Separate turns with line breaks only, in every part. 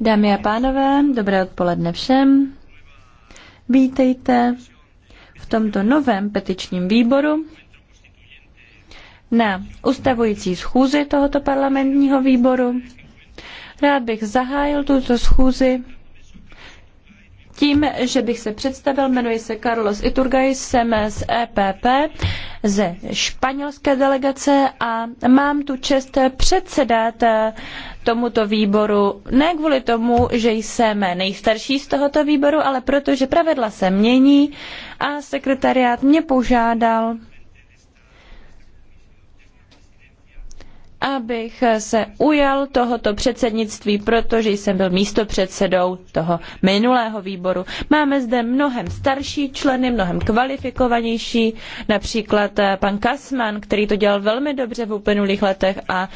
Dámy a pánové, dobré odpoledne všem. Vítejte v tomto novém petičním výboru na ustavující schůzi tohoto parlamentního výboru. Rád bych zahájil tuto schůzi tím, že bych se představil, jmenuji se Carlos Iturgay, jsem z EPP, ze španělské delegace a mám tu čest předsedat tomuto výboru ne kvůli tomu, že jsem nejstarší z tohoto výboru, ale protože pravidla se mění a sekretariát mě požádal abych se ujal tohoto předsednictví, protože jsem byl místopředsedou toho minulého výboru. Máme zde mnohem starší členy, mnohem kvalifikovanější, například eh, pan Kasman, který to dělal velmi dobře v uplynulých letech a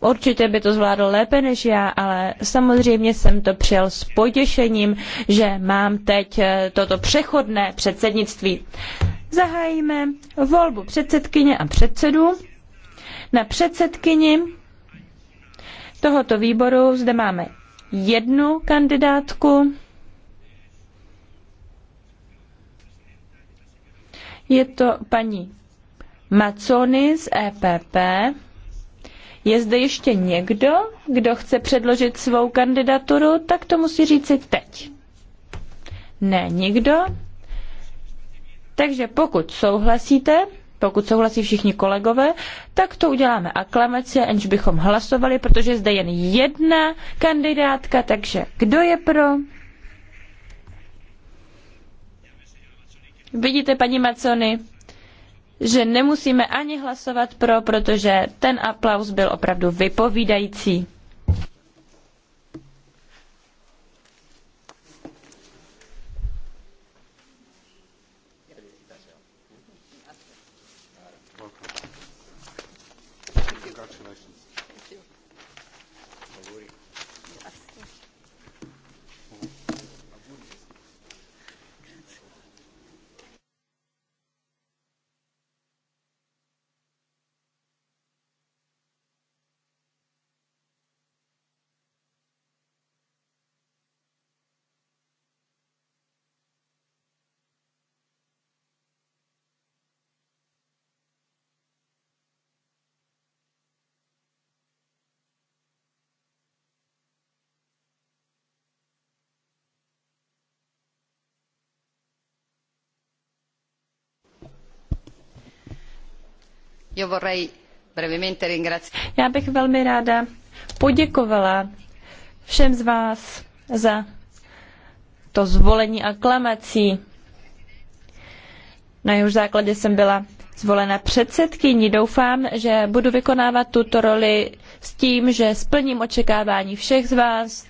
Určitě by to zvládl lépe než já, ale samozřejmě jsem to přijal s potěšením, že mám teď eh, toto přechodné předsednictví. Zahájíme volbu předsedkyně a předsedu. Na předsedkyni tohoto výboru zde máme jednu kandidátku. Je to paní Macony z EPP. Je zde ještě někdo, kdo chce předložit svou kandidaturu, tak to musí říci teď. Ne, nikdo. Takže pokud souhlasíte, pokud souhlasí všichni kolegové, tak to uděláme aklamaci, aniž bychom hlasovali, protože zde jen jedna kandidátka, takže kdo je pro? Vidíte, paní Macony, že nemusíme ani hlasovat pro, protože ten aplaus byl opravdu vypovídající. Já bych velmi ráda poděkovala všem z vás za to zvolení aklamací. Na jehož základě jsem byla zvolena předsedkyní. Doufám, že budu vykonávat tuto roli s tím, že splním očekávání všech z vás,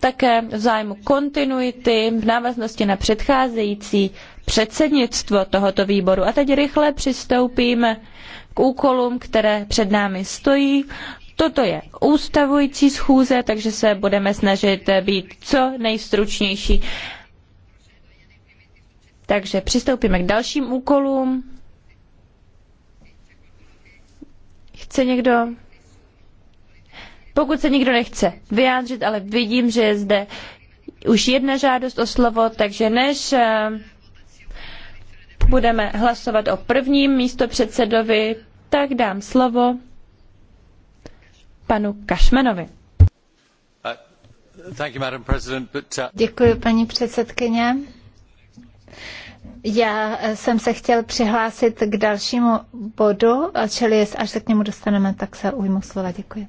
také v zájmu kontinuity, v návaznosti na předcházející předsednictvo tohoto výboru. A teď rychle přistoupíme k úkolům, které před námi stojí. Toto je ústavující schůze, takže se budeme snažit být co nejstručnější. Takže přistoupíme k dalším úkolům. Chce někdo pokud se nikdo nechce vyjádřit, ale vidím, že je zde už jedna žádost o slovo, takže než eh, budeme hlasovat o prvním místopředsedovi, tak dám slovo
panu Kašmenovi.
Uh, uh, Děkuji,
paní předsedkyně. Já eh, jsem se chtěl přihlásit k dalšímu bodu, čili až se k němu dostaneme, tak se ujmu slova. Děkuji.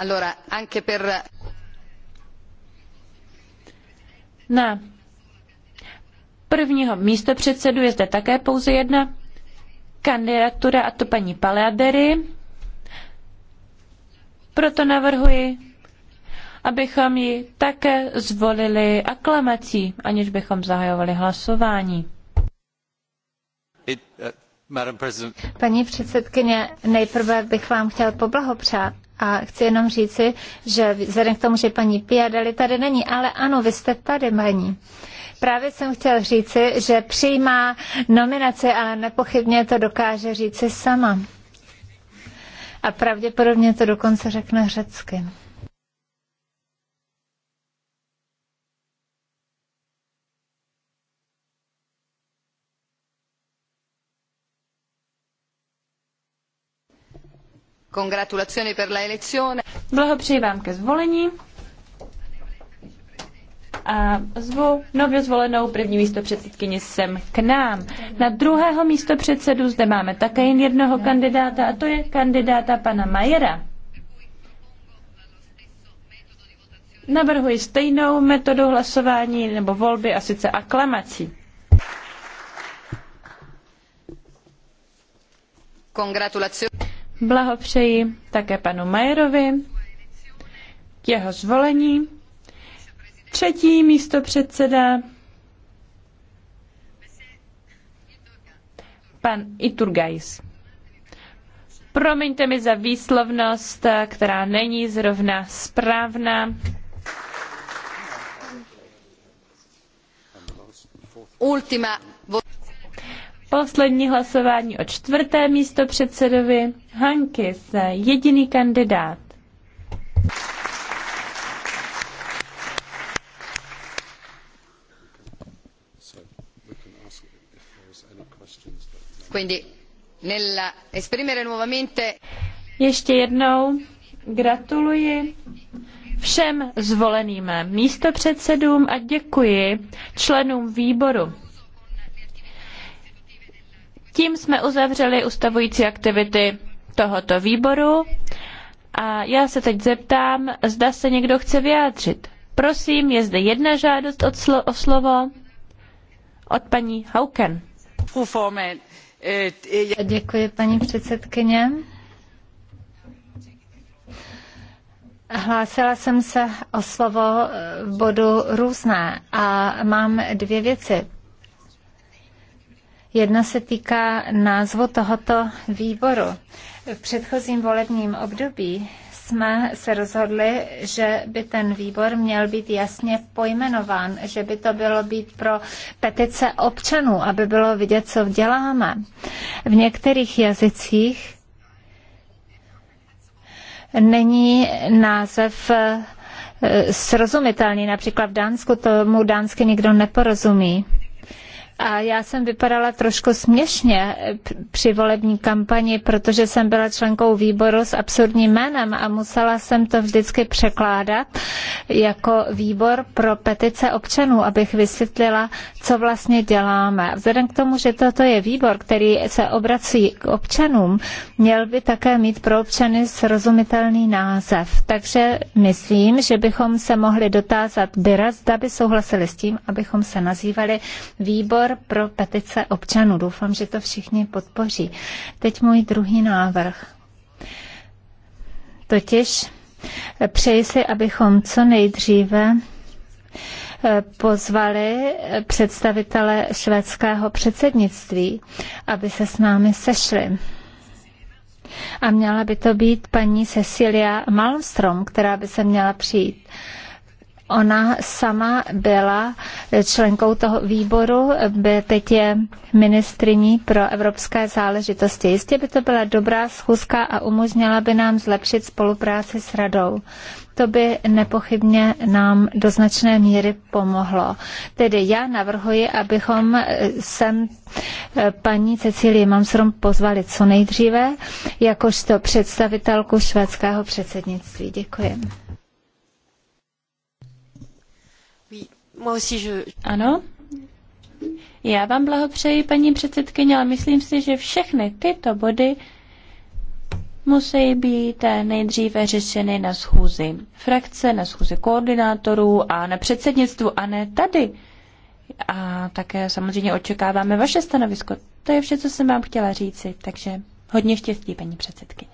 Allora, anche per...
prvního místopředsedu je zde také pouze jedna kandidatura, a to paní Paleadery. Proto navrhuji, abychom ji také zvolili aklamací,
aniž bychom zahajovali hlasování.
Uh,
paní předsedkyně, nejprve bych vám chtěl poblahopřát a chci jenom říci, že vzhledem k tomu, že paní Piadeli tady není, ale ano, vy jste tady, paní. Právě jsem chtěl říci, že přijímá nominaci, ale nepochybně to dokáže říci sama. A pravděpodobně to dokonce řekne řecky.
Congratulazioni per la elezione.
Blahopřeji vám ke zvolení a zvu nově zvolenou první místo předsedkyni sem k nám. Na druhého místo předsedu zde máme také jen jednoho kandidáta a to je kandidáta pana Majera. Navrhuji stejnou metodu hlasování nebo volby a sice aklamací. Gratulace. Blahopřeji také panu Majerovi k jeho zvolení. Třetí místo předseda pan Iturgais. Promiňte mi za výslovnost, která není zrovna správná. Ultima Poslední hlasování o čtvrté místo předsedovi se jediný kandidát. Ještě jednou gratuluji všem zvoleným místopředsedům a děkuji členům výboru. Tím jsme uzavřeli ustavující aktivity tohoto výboru a já se teď zeptám, zda se někdo chce vyjádřit. Prosím, je zde jedna žádost od slo- o
slovo od paní Hauken. Eh, Děkuji, paní předsedkyně. Hlásila jsem se o slovo v bodu různé a mám dvě věci. Jedna se týká názvu tohoto výboru. V předchozím volebním období jsme se rozhodli, že by ten výbor měl být jasně pojmenován, že by to bylo být pro petice občanů, aby bylo vidět, co děláme. V některých jazycích není název eh, srozumitelný. Například v Dánsku tomu dánsky nikdo neporozumí. A já jsem vypadala trošku směšně eh, při volební kampani, protože jsem byla členkou výboru s absurdním jménem a musela jsem to vždycky překládat jako výbor pro petice občanů, abych vysvětlila, co vlastně děláme. Vzhledem k tomu, že toto je výbor, který se obrací k občanům, měl by také mít pro občany srozumitelný název. Takže myslím, že bychom se mohli dotázat Byra, zda by souhlasili s tím, abychom se nazývali výbor výbor pro petice občanů. Doufám, že to všichni podpoří. Teď můj druhý návrh. Totiž přeji si, abychom co nejdříve eh, pozvali představitele švédského předsednictví, aby se s námi sešli. A měla by to být paní Cecilia Malmström, která by se měla přijít Ona sama byla členkou toho výboru, by teď je ministriní pro evropské záležitosti. Jistě by to byla dobrá schůzka a umožnila by nám zlepšit spolupráci s radou. To by nepochybně nám do značné míry pomohlo. Tedy já navrhuji, abychom sem eh, paní Cecílii Mamsrom pozvali co nejdříve, jakožto představitelku švédského předsednictví. Děkuji.
Ano. Já vám blahopřeji, paní předsedkyně, ale myslím si, že všechny tyto body musí být nejdříve řešeny na schůzi frakce, na schůzi koordinátorů a na předsednictvu, a ne tady. A také samozřejmě očekáváme vaše stanovisko. To je vše, co jsem vám chtěla říci, takže hodně štěstí, paní předsedkyně.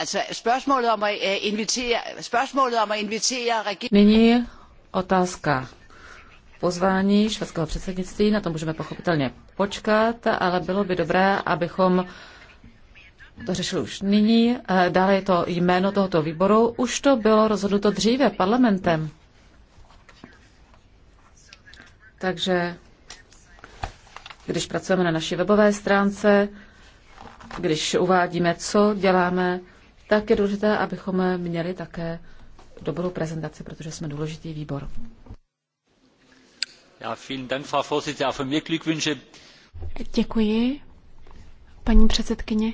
Øh, nyní
otázka pozvání švédského předsednictví, na to můžeme pochopitelně počkat, ale bylo by dobré, abychom to řešili už nyní. Eh, dále je to jméno tohoto výboru. Už to bylo rozhodnuto dříve parlamentem. Takže když pracujeme na naší webové stránce, když uvádíme, co děláme, tak je důležité, abychom měli také dobrou prezentaci, protože jsme důležitý výbor.
Děkuji, paní předsedkyně.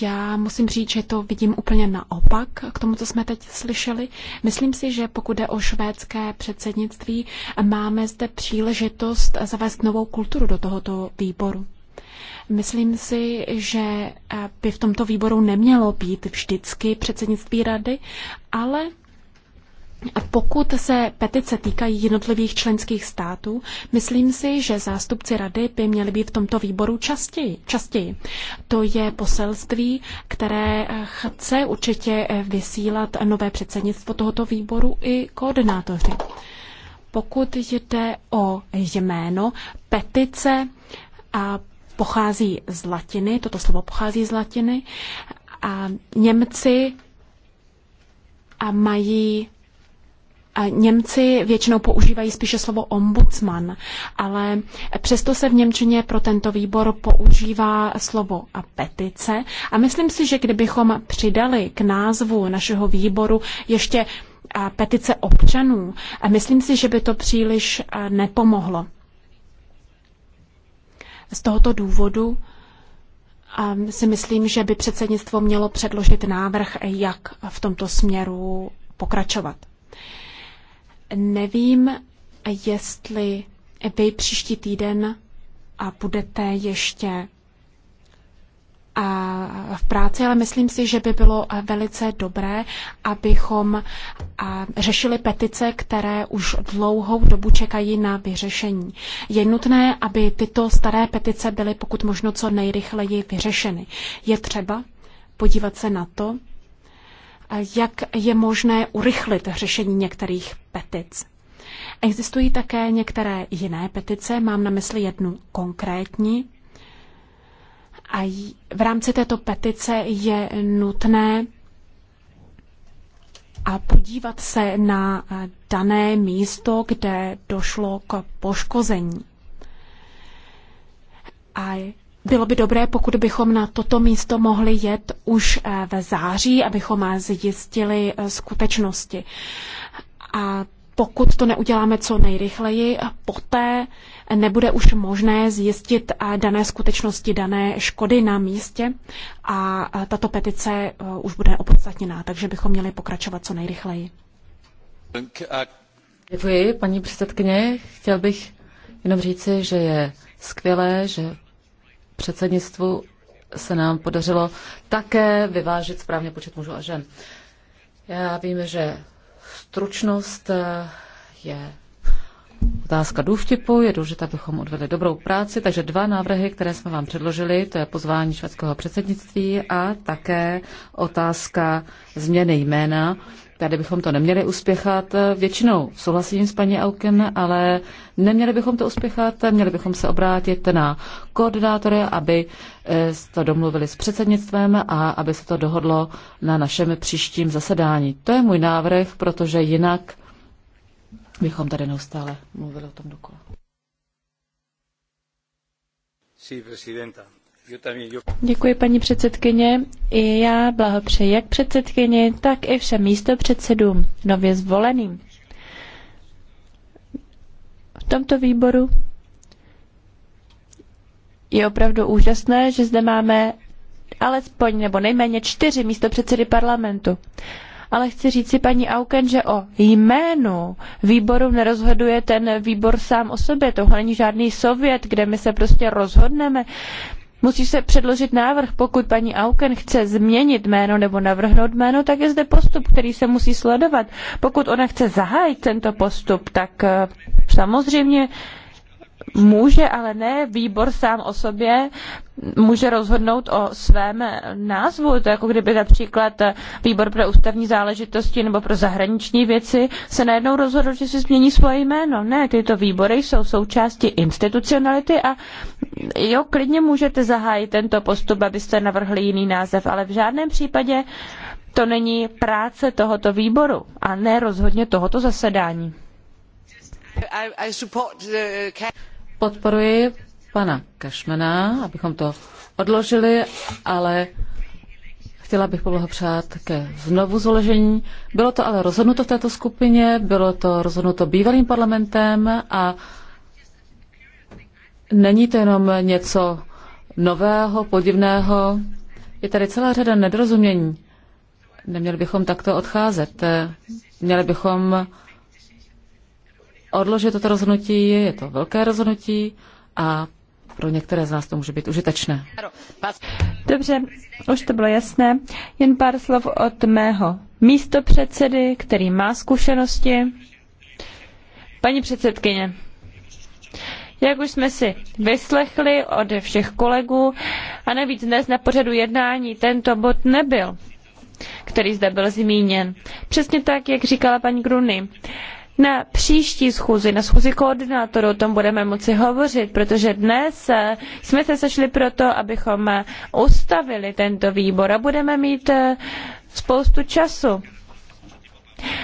Já musím říct, že to vidím úplně naopak k tomu, co jsme teď slyšeli. Myslím si, že pokud jde o švédské předsednictví, máme zde příležitost zavést novou kulturu do tohoto výboru. Myslím si, že eh, by v tomto výboru nemělo být vždycky předsednictví rady, ale pokud se petice týkají jednotlivých členských států, myslím si, že zástupci rady by měli být v tomto výboru častěji. častěji. To je poselství, které eh, chce určitě eh, vysílat nové předsednictvo tohoto výboru i koordinátoři. Pokud jde o jméno, petice a pochází z latiny, toto slovo pochází z latiny a Němci a mají a Němci většinou používají spíše slovo ombudsman, ale přesto se v Němčině pro tento výbor používá slovo a petice. A myslím si, že kdybychom přidali k názvu našeho výboru ještě petice občanů, a myslím si, že by to příliš nepomohlo. Z tohoto důvodu um, si myslím, že by předsednictvo mělo předložit návrh, jak v tomto směru pokračovat. Nevím, jestli vy příští týden a budete ještě a v práci, ale myslím si, že by bylo velice dobré, abychom a řešili petice, které už dlouhou dobu čekají na vyřešení. Je nutné, aby tyto staré petice byly pokud možno co nejrychleji vyřešeny. Je třeba podívat se na to, jak je možné urychlit řešení některých petic. Existují také některé jiné petice, mám na mysli jednu konkrétní. A v rámci této petice je nutné a podívat se na eh, dané místo, kde došlo k poškození. A bylo by dobré, pokud bychom na toto místo mohli jet už eh, ve září, abychom eh, zjistili skutečnosti. A pokud to neuděláme co nejrychleji, poté nebude už možné zjistit eh, dané skutečnosti, dané škody na místě a eh, tato petice
eh, už bude opodstatněná, takže bychom měli pokračovat co nejrychleji. Děkuji, paní předsedkyně. Chtěl bych jenom říci, že je skvělé, že předsednictvu se nám podařilo také vyvážit správně počet mužů a žen. Já vím, že Stručnost eh, je otázka důvtipu. Je důležité, abychom odvedli dobrou práci. Takže dva návrhy, které jsme vám předložili, to je pozvání švédského předsednictví a také otázka změny jména Tady bychom to neměli uspěchat. Většinou souhlasím s paní Auken, ale neměli bychom to uspěchat. Měli bychom se obrátit na koordinátory, aby eh, to domluvili s předsednictvem a aby se to dohodlo na našem příštím zasedání. To je můj návrh, protože jinak bychom tady neustále mluvili o tom dokola.
Sí, presidenta. Děkuji, paní předsedkyně. I já blahopřeji jak předsedkyni, tak i všem místopředsedům nově zvoleným. V tomto výboru je opravdu úžasné, že zde máme alespoň nebo nejméně čtyři místopředsedy parlamentu. Ale chci říct si paní Auken, že o jménu výboru nerozhoduje ten výbor sám o sobě. Tohle není žádný sovět, kde my se prostě rozhodneme Musí se předložit návrh, pokud paní Auken chce změnit jméno nebo navrhnout jméno, tak je zde postup, který se musí sledovat. Pokud ona chce zahájit tento postup, tak eh, samozřejmě může, ale ne výbor sám o sobě, může rozhodnout o svém názvu. To jako kdyby například výbor pro ústavní záležitosti nebo pro zahraniční věci se najednou rozhodl, že si změní svoje jméno. Ne, tyto výbory jsou součástí institucionality a jo, klidně můžete zahájit tento postup, abyste navrhli jiný název, ale v žádném případě to není práce tohoto výboru a ne rozhodně tohoto zasedání.
Podporuji pana Kašmana, abychom to odložili, ale chtěla bych poblahopřát ke znovu zložení. Bylo to ale rozhodnuto v této skupině, bylo to rozhodnuto bývalým parlamentem a není to jenom něco nového, podivného. Je tady celá řada nedorozumění. Neměli bychom takto odcházet. Měli bychom odložit toto rozhodnutí. Je to velké rozhodnutí a pro některé z nás to může být užitečné. Dobře, už to bylo jasné.
Jen pár slov od mého místopředsedy, který má zkušenosti. Paní předsedkyně, jak už jsme si vyslechli od všech kolegů, a navíc dnes na pořadu jednání tento bod nebyl, který zde byl zmíněn. Přesně tak, jak říkala paní Gruny. Na příští schůzi, na schůzi koordinátorů o tom budeme moci hovořit, protože dnes eh, jsme se sešli proto, abychom eh, ustavili tento výbor a budeme mít eh, spoustu času.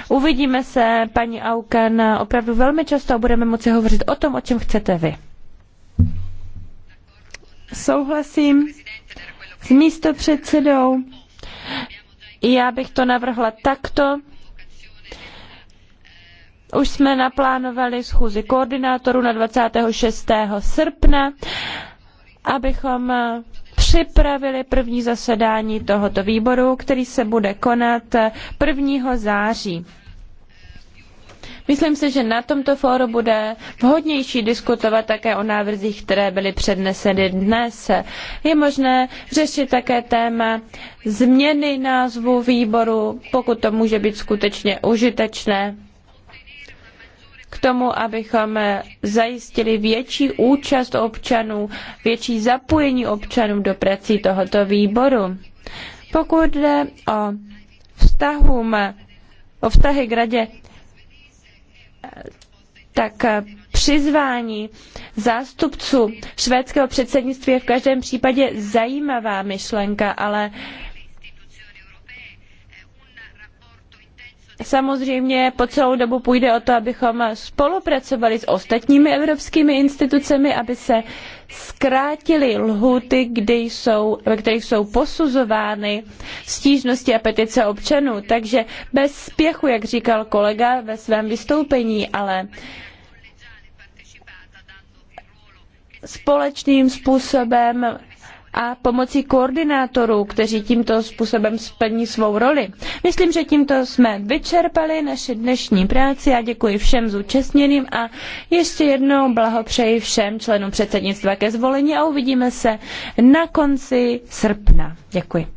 Uvidíme se, paní Auken, opravdu velmi často a budeme moci hovořit o tom, o čem chcete vy. Souhlasím s místopředsedou. Já bych to navrhla takto. Už jsme naplánovali schůzi koordinátorů na 26. srpna, abychom eh, připravili první zasedání tohoto výboru, který se bude konat 1. Eh, září. Myslím si, že na tomto fóru bude vhodnější diskutovat také o návrzích, které byly předneseny dnes. Je možné řešit také téma změny názvu výboru, pokud to může být skutečně užitečné k tomu, abychom zajistili větší účast občanů, větší zapojení občanů do prací tohoto výboru. Pokud jde o vztahům, o vztahy k radě, tak přizvání zástupců švédského předsednictví je v každém případě zajímavá myšlenka, ale Samozřejmě po celou dobu půjde o to, abychom spolupracovali s ostatními evropskými institucemi, aby se zkrátily lhuty, kde jsou, ve kterých jsou posuzovány stížnosti a petice občanů. Takže bez spěchu, jak říkal kolega ve svém vystoupení, ale společným způsobem a pomocí koordinátorů, kteří tímto způsobem splní svou roli. Myslím, že tímto jsme vyčerpali naši dnešní práci a děkuji všem zúčastněným a ještě jednou blahopřeji všem členům předsednictva ke zvolení
a uvidíme se na konci srpna. Děkuji.